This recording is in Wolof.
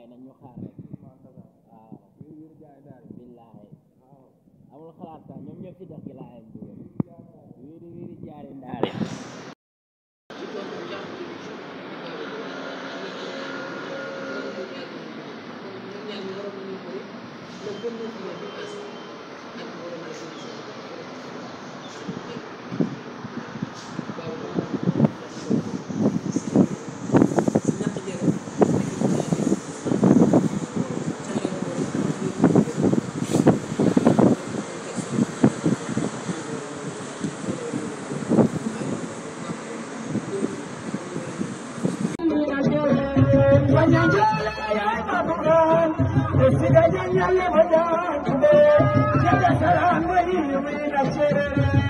gars yi nañ ñu xaar rek waaw ah. billaahi amul xalaat sax ñoom ñëpp ci dox gi laa yem Thank you.